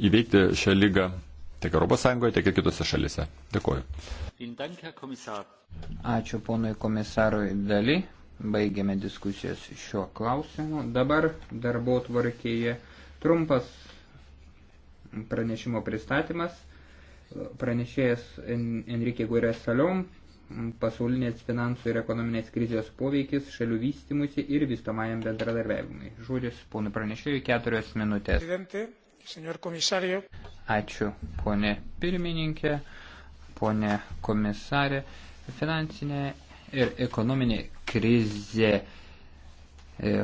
įveikti šią lygą tiek ES, tiek ir kitose šalise. Dėkuoju. Ačiū ponui komisarui Dali. Baigėme diskusijas šiuo klausimu. Dabar darbo tvarkėje trumpas pranešimo pristatymas. Pranešėjas Enrique Guerrero Saliom, pasaulinės finansų ir ekonominės krizės poveikis šalių vystimusi ir vystomajam bendradarbiavimui. Žodis ponui pranešėjui keturios minutės. Presidente. Senior komisario. Ačiū, ponė pirmininkė, ponė komisarė. Finansinė ir ekonominė krizė e,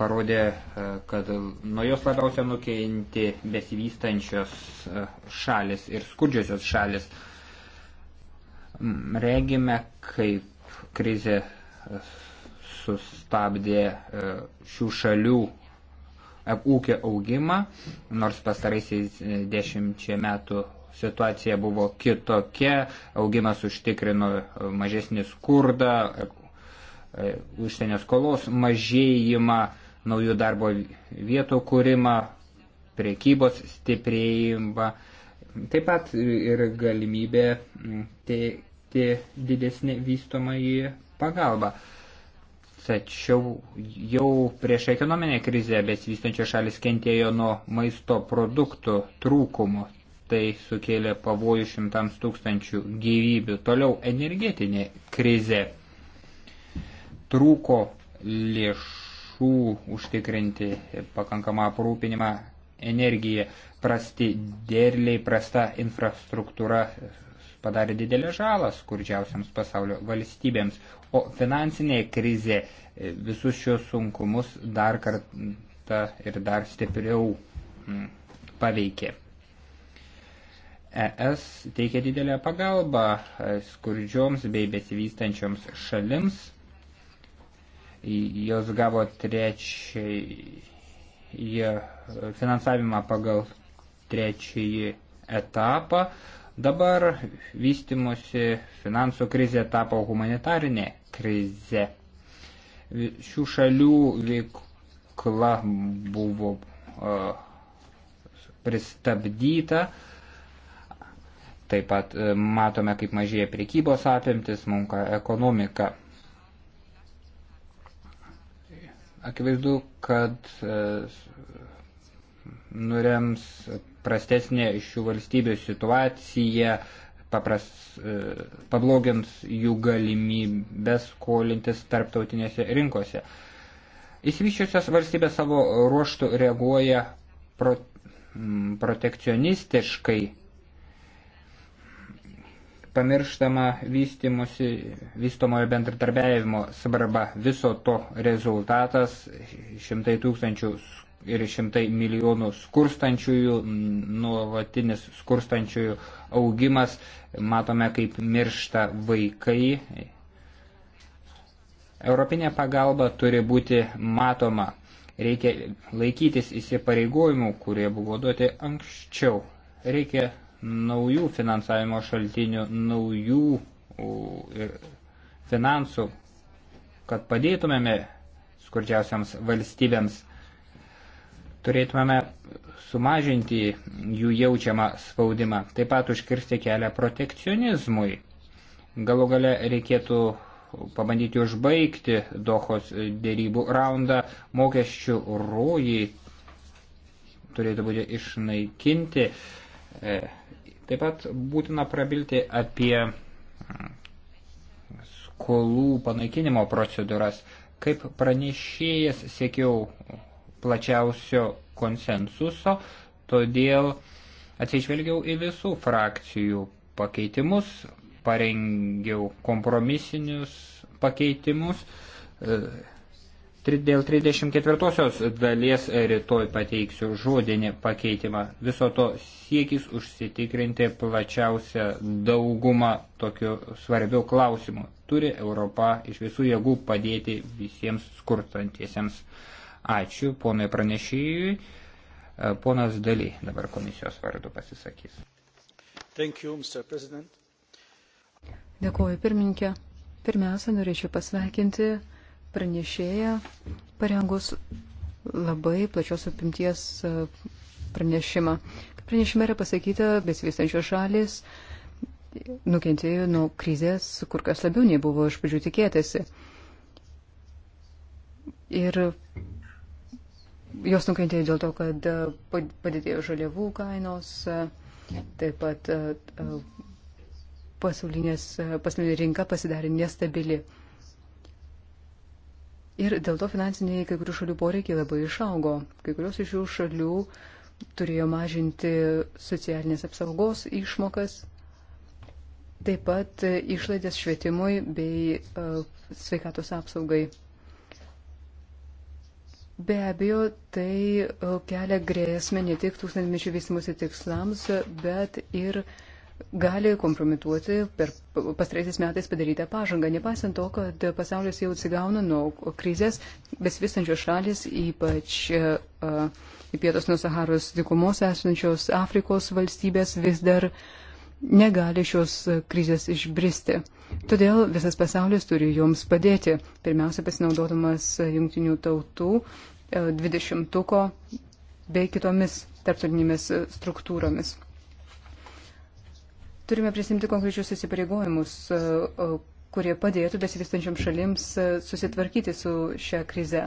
parodė, e, kad nuo jos labiausia nukeinti besivystančios e, šalis ir skurdžiosios šalis. Regime, kaip krizė sustabdė šių šalių ūkio augimą, nors pastaraisiais e, dešimčia metų situacija buvo kitokia, augimas užtikrino e, mažesnį skurdą, e, užsienio skolos mažėjimą, naujų darbo vietų kūrimą, priekybos stiprėjimą, taip pat ir galimybė teikti didesnį vystomąjį pagalbą. Tačiau jau prieš ekonominę krizę besivystančios šalis kentėjo nuo maisto produktų trūkumo. Tai sukėlė pavojų šimtams tūkstančių gyvybių. Toliau energetinė krizė. Trūko lėšų užtikrinti pakankamą aprūpinimą energiją. Prasti derliai, prasta infrastruktūra padarė didelę žalą skurdžiausiams pasaulio valstybėms. O finansinė krizė e, visus šios sunkumus dar kartą ir dar stipriau mm, paveikė. ES teikia didelę pagalbą e, skurdžioms bei besivystančioms šalims. Jos gavo trečiąjį finansavimą pagal trečiąjį etapą. Dabar vystimosi finansų krizė tapo humanitarinė krizė. Šių šalių veikla buvo pristabdyta. Taip pat matome, kaip mažėja prekybos apimtis, munka ekonomika. Akivaizdu, kad nurems prastesnė šių valstybių situacija, papras, e, pablogins jų galimybės skolintis tarptautinėse rinkose. Įsivyščiusios valstybės savo ruoštų reaguoja pro, protekcionistiškai, pamirštama vystimusi, vystomojo bendradarbiavimo svarba. Viso to rezultatas šimtai tūkstančių ir šimtai milijonų skurstančiųjų, nuolatinis skurstančiųjų augimas, matome, kaip miršta vaikai. Europinė pagalba turi būti matoma. Reikia laikytis įsipareigojimų, kurie buvo duoti anksčiau. Reikia naujų finansavimo šaltinių, naujų finansų, kad padėtumėme skurdžiausiams valstybėms turėtumėme sumažinti jų jaučiamą spaudimą, taip pat užkirsti kelią protekcionizmui. Galų gale reikėtų pabandyti užbaigti Dohos dėrybų raundą, mokesčių rojai turėtų būti išnaikinti. E, taip pat būtina prabilti apie skolų panaikinimo procedūras. Kaip pranešėjas siekiau plačiausio konsensuso, todėl atsižvelgiau į visų frakcijų pakeitimus, parengiau kompromisinius pakeitimus. E, dėl 34-osios dalies rytoj pateiksiu žodinį pakeitimą. Viso to siekis užsitikrinti plačiausią daugumą tokių svarbių klausimų. Turi Europa iš visų jėgų padėti visiems skurtantiesiems. Ačiū ponui pranešėjui. E, ponas Daly dabar komisijos vardu pasisakys. Thank you, Mr. President. Dėkuoju, pirmininkė. Pirmiausia, norėčiau pasveikinti pranešėją parengus labai plačios apimties e, pranešimą. Pranešime yra pasakyta, besivystančios šalis nukentėjo nuo krizės kur kas labiau nei buvo iš pradžių tikėtasi. Ir jos nukentėjo dėl to, kad e, padidėjo žaliavų kainos, e, taip pat e, pasaulinės, pasaulinė rinka pasidarė nestabili. Ir dėl to finansiniai kai kurių šalių poreikiai labai išaugo. Kai kurios iš jų šalių turėjo mažinti socialinės apsaugos išmokas, taip pat išlaidės švietimui bei sveikatos apsaugai. Be abejo, tai e, kelia grėsmę ne tik tūkstantmečių vystimusi tikslams, bet ir gali kompromituoti per pastraisiais metais padarytą pažangą. Nepaisant to, kad pasaulis jau atsigauna nuo krizės, besivystančios šalis, ypač e, e, į pietus nuo Saharos dykumos esančios Afrikos valstybės vis dar uh, negali šios krizės išbristi. Todėl visas pasaulis turi joms padėti, pirmiausia pasinaudodamas jungtinių tautų e, dvidešimtuko bei kitomis tarptautinėmis struktūromis. Turime prisimti konkrečius įsipareigojimus, e, e, kurie padėtų besivystančiam šalims susitvarkyti su šia krize.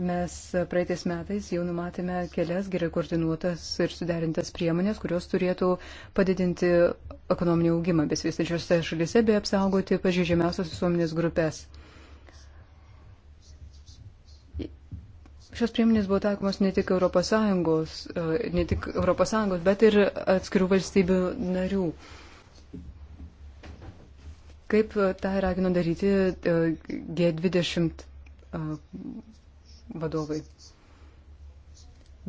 Mes praeitais metais jau numatėme kelias gerai koordinuotas ir suderintas priemonės, kurios turėtų padidinti ekonominį augimą besivystančiose šalise bei apsaugoti pažeidžiamiausias visuomenės grupės. Šios priemonės buvo taikomos ne tik ES, e, ne tik ES, bet ir atskirų valstybių narių kaip tą ragino daryti e, G20 vadovai.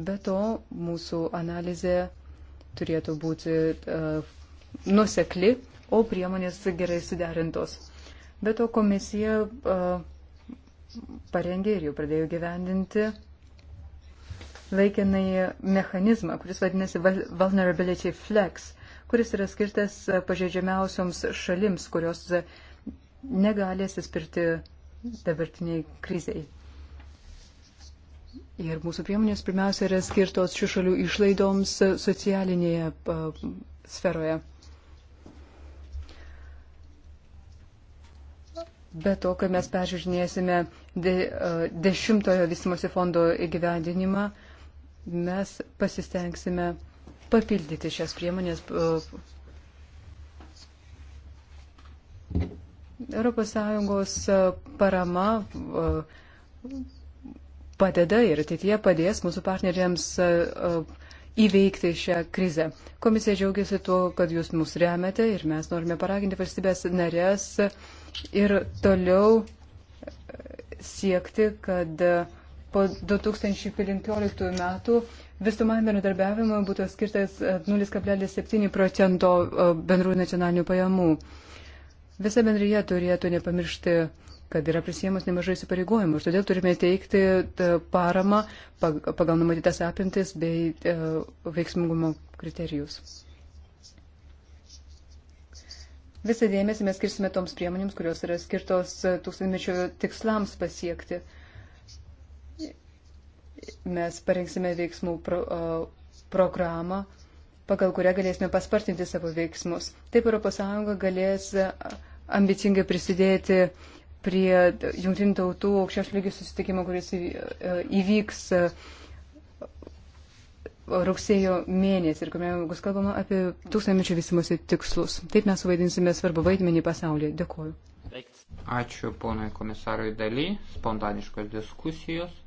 Be to, mūsų analizė turėtų būti uh, nusekli, o priemonės gerai suderintos. Be to, komisija uh, parengė ir jau pradėjo gyvendinti laikinai mechanizmą, kuris vadinasi Vulnerability Flex, kuris yra skirtas pažeidžiamiausioms šalims, kurios negali atsispirti dabartiniai kriziai. Ir mūsų priemonės pirmiausia yra skirtos šių šalių išlaidoms socialinėje sferoje. Be to, kai mes peržiūrinėsime de, dešimtojo vystimosi fondo įgyvendinimą, mes pasistengsime papildyti šias priemonės. ES parama padeda ir ateityje padės mūsų partneriams e, e, įveikti šią krizę. Komisija džiaugiasi tuo, kad jūs mus remiate ir mes norime paraginti valstybės narės ir toliau e, siekti, kad po 2015 metų visumam bendradarbiavimui būtų skirtas 0,7 procento bendrų nacionalinių pajamų. Visa bendryje turėtų nepamiršti, kad yra prisėmus nemažai įsipareigojimų ir todėl turime teikti e, paramą pagal numatytas apimtis bei e, veiksmingumo kriterijus. Visą dėmesį mes skirsime toms priemonėms, kurios yra skirtos e, tūkstantmečio tikslams pasiekti. Mes parengsime veiksmų pro, o, programą, pagal kurią galėsime paspartinti savo veiksmus. Taip ES galės ambicingai prisidėti prie jungtinių tautų aukščios lygių susitikimo, kuris e, įvyks e, rugsėjo mėnesį ir kuriame bus kalbama apie tūkstantmečio vystimosi tikslus. Taip mes suvaidinsime svarbu vaidmenį pasaulyje. Dėkuoju. Ačiū ponui komisarui daly, spontaniškos diskusijos.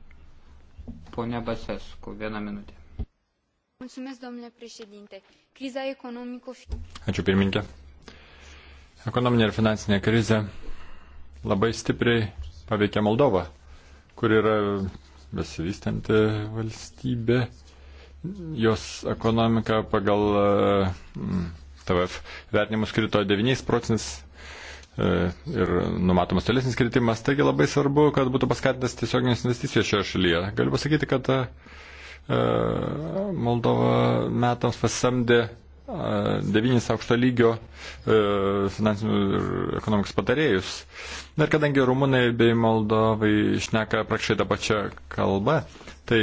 Pone Basescu, vieną minutę. Mulțumesc, domnule președinte. Criza economică... Ačiū pirmininkė. Ekonominė ir finansinė krizė labai stipriai paveikia Moldovą, kur yra besivystanti valstybė. Jos ekonomika pagal mm, TVF vertinimus krito 9 procentais e, ir numatomas tolesnis kritimas. Taigi labai svarbu, kad būtų paskatintas tiesioginės investicijos šioje šalyje. Galiu pasakyti, kad e, Moldova metams pasamdė devynis aukšto lygio e, finansinių ir ekonomikos patarėjus. Ir kadangi rumunai bei moldovai išneka prakšai tą pačią kalbą, tai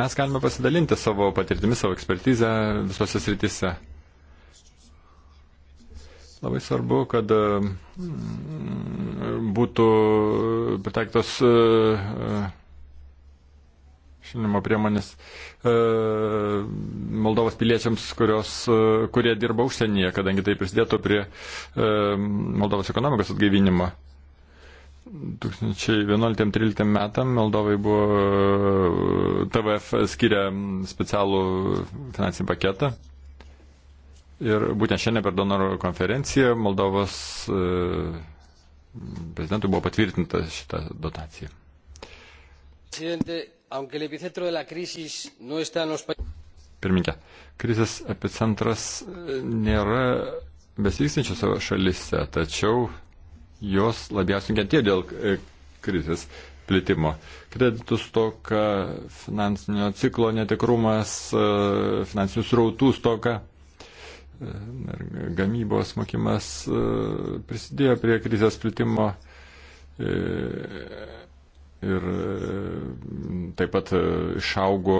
mes galime pasidalinti savo patirtimi, savo ekspertizę visose srityse. Labai svarbu, kad e, būtų pritaiktos e, šilimo priemonės e, Moldovos piliečiams, kurios, e, kurie dirba užsienyje, kadangi tai prisidėtų prie e, Moldovos ekonomikos atgaivinimo. 2011-2013 metam Moldovai buvo e, TVF skiria specialų finansinį paketą. Ir būtent šiandien per donorų konferenciją Moldovos e, prezidentui buvo patvirtinta šita dotacija. Presidente, aunque el epicentro de la crisis no está en los Pirminkė, krizės epicentras e, nėra besivykstančiose šalise, tačiau jos labiausiai nukentėjo dėl e, krizės plitimo. Kreditų stoka, finansinio ciklo netikrumas, e, finansinių srautų stoka gamybos mokymas prisidėjo prie krizės plitimo ir e, taip pat e, išaugo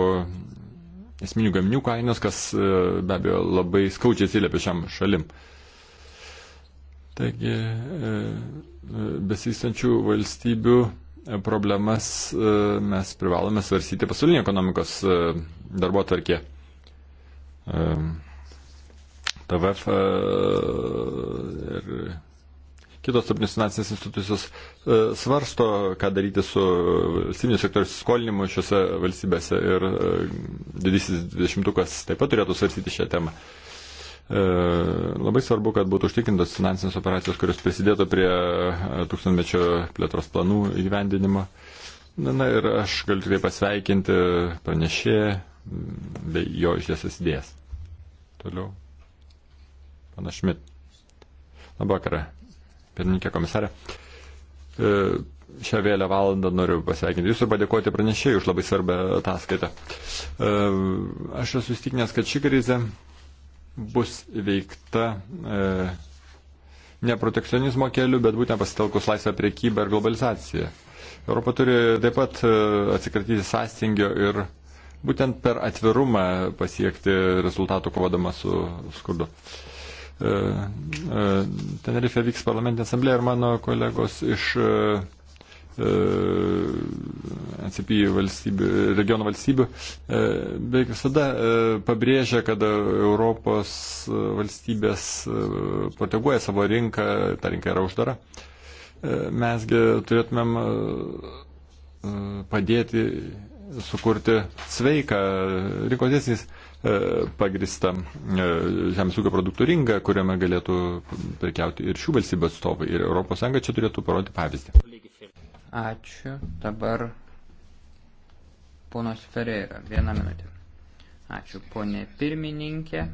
esminių gaminių kainos, kas e, be abejo labai skaudžiai atsiliepia šiam šalim. Taigi besistančių valstybių problemas mes privalome svarsyti pasaulinė ekonomikos darbo tarkė. TVF kitos tarpinės finansinės institucijos e, svarsto, ką daryti su valstybinio sektoriaus skolinimu šiuose valstybėse ir e, didysis dvidešimtukas taip pat turėtų svarstyti šią temą. E, labai svarbu, kad būtų užtikrintos finansinės operacijos, kurios prisidėtų prie tūkstantmečio plėtros planų įgyvendinimo. Na, na ir aš galiu tikrai pasveikinti pranešėją bei jo išdėstas idėjas. Toliau. Pana Šmit. Labą vakarą pirmininkė komisarė. E, šią vėlią valandą noriu pasveikinti Jūs ir padėkoti pranešėjai už labai svarbę ataskaitą. E, aš esu įstikinęs, kad ši krizė bus įveikta e, ne protekcionizmo keliu, bet būtent pasitelkus laisvę priekybą ir globalizaciją. Europa turi taip pat atsikratyti sąstingio ir būtent per atvirumą pasiekti rezultatų kovodama su skurdu. Uh, E, e, Tenerife vyks parlamentinė asamblėje ir mano kolegos iš e, NCP valstybių, regiono valstybių, beveik visada pabrėžia, kad Europos valstybės proteguoja savo rinką, ta rinka yra uždara. Mesgi turėtumėm padėti sukurti sveiką rinkos dėsnis E, pagristą e, žemės ūkio produktų rinką, kuriame galėtų prekiauti ir šių valstybių atstovai. Ir ES čia turėtų parodyti pavyzdį. Ačiū. Dabar ponas Ferreira. Vieną minutę. Ačiū, ponė pirmininkė.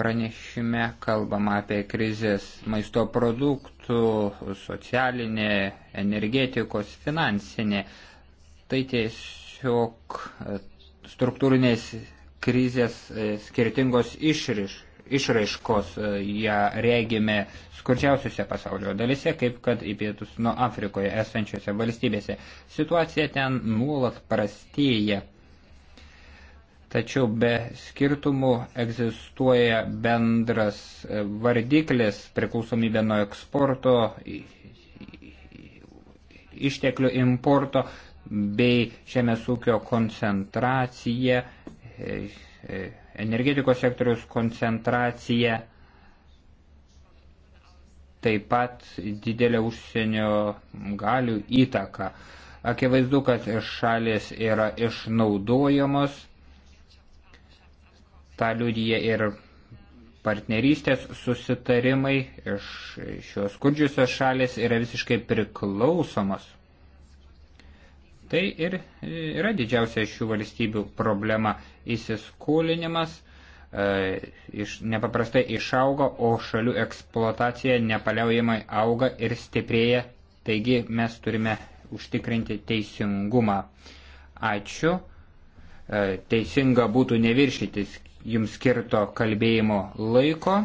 Pranešime kalbama apie krizės maisto produktų, socialinė, energetikos, finansinė. Uh, Tai tiesiog e, struktūrinės krizės e, skirtingos išriš, išraiškos e, ją regime skurčiausiuose pasaulio dalise, kaip kad į pietus nuo Afrikoje esančiose valstybėse. Situacija ten nuolat prastėja. Tačiau be skirtumų egzistuoja bendras vardiklis priklausomybė nuo eksporto, išteklių importo, bei žemės ūkio koncentracija, energetikos sektoriaus koncentracija, taip pat didelė užsienio galių įtaka. Akivaizdu, kad šalis yra išnaudojamos, tą liudyje ir partnerystės susitarimai iš šios skurdžiusios šalis yra visiškai priklausomos Tai ir e, yra didžiausia šių valstybių problema - įsiskolinimas e, iš, nepaprastai išauga, o šalių eksploatacija nepaliaujamai auga ir stiprėja, taigi mes turime užtikrinti teisingumą. Ačiū. E, teisinga būtų neviršytis jums skirto kalbėjimo laiko.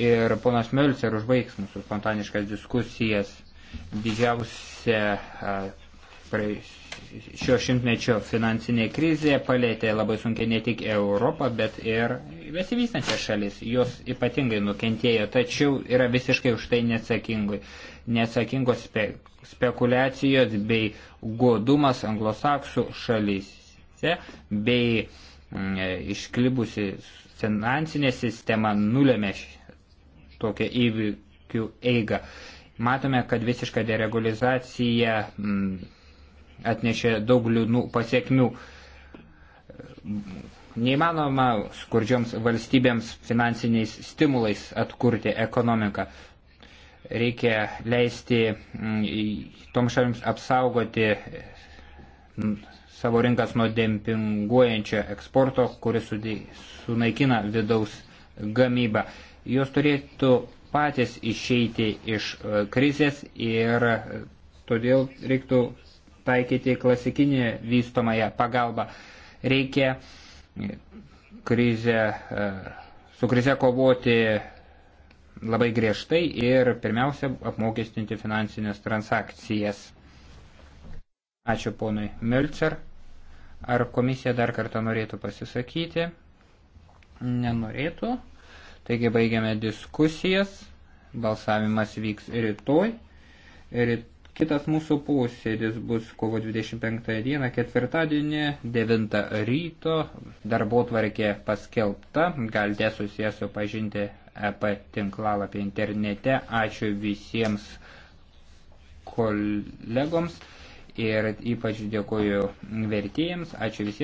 ir ponas Mölcer užbaigs mūsų spontaniškas diskusijas. Didžiausia šio šimtmečio finansinė krizė palėtė labai sunkiai ne tik Europą, bet ir besivystančias šalis. Jos ypatingai nukentėjo, tačiau yra visiškai už tai neatsakingai. Neatsakingos spe, spekulacijos bei godumas anglosaksų šalyse bei m, išklibusi finansinė sistema nulėmė tokią įvykių eigą. Matome, kad visiška deregulizacija mm, atnešė daug liūdnų pasiekmių. Neįmanoma skurdžioms valstybėms finansiniais stimulais atkurti ekonomiką. Reikia leisti mm, toms šalims apsaugoti mm, savo rinkas nuo dempinguojančio eksporto, kuris sunaikina vidaus gamybą jos turėtų patys išeiti iš e, krizės ir e, todėl reiktų taikyti klasikinį vystomąją pagalbą. Reikia e, krizę, su krize kovoti labai griežtai ir pirmiausia apmokestinti finansinės transakcijas. Ačiū ponui Milcer. Ar komisija dar kartą norėtų pasisakyti? Nenorėtų. Taigi baigiame diskusijas, balsavimas vyks rytoj. Ir kitas mūsų posėdis bus kovo 25 dieną, ketvirtadienį, 9 ryto, darbo tvarkė paskelbta, galite susijęs pažinti EP tinklalapį internete. Ačiū visiems kolegoms ir ypač dėkoju vertėjams. Ačiū visiems.